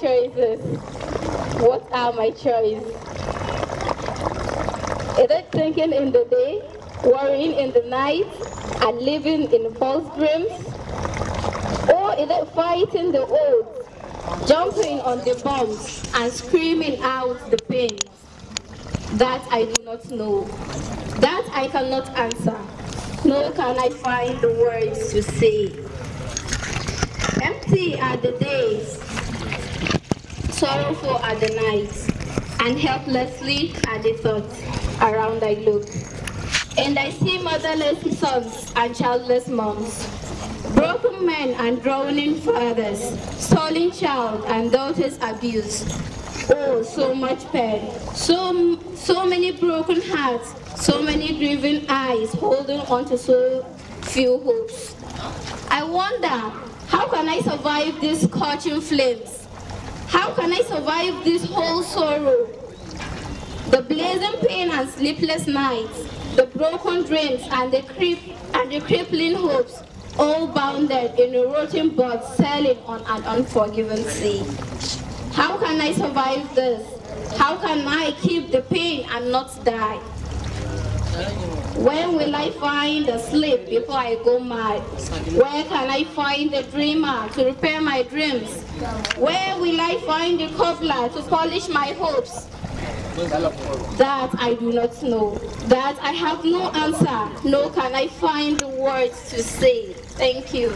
choices? What are my choices? Is it thinking in the day, worrying in the night, and living in false dreams? Or is it fighting the old, jumping on the bombs, and screaming out the pain? That I do not know. That I cannot answer. Nor can I find the words to say. Empty are the days sorrowful at the night, and helplessly at the thoughts around I look. And I see motherless sons and childless moms, broken men and drowning fathers, stolen child and daughters abused. Oh, so much pain, so, so many broken hearts, so many grieving eyes holding on to so few hopes. I wonder, how can I survive these scorching flames? How can I survive this whole sorrow? The blazing pain and sleepless nights, the broken dreams and the, creep, and the crippling hopes, all bounded in a rotten boat sailing on an unforgiving sea. How can I survive this? How can I keep the pain and not die? When will I find the sleep before I go mad? Where can I find the dreamer to repair my dreams? Where will I find the cobbler to polish my hopes? That I do not know. That I have no answer, nor can I find the words to say. Thank you.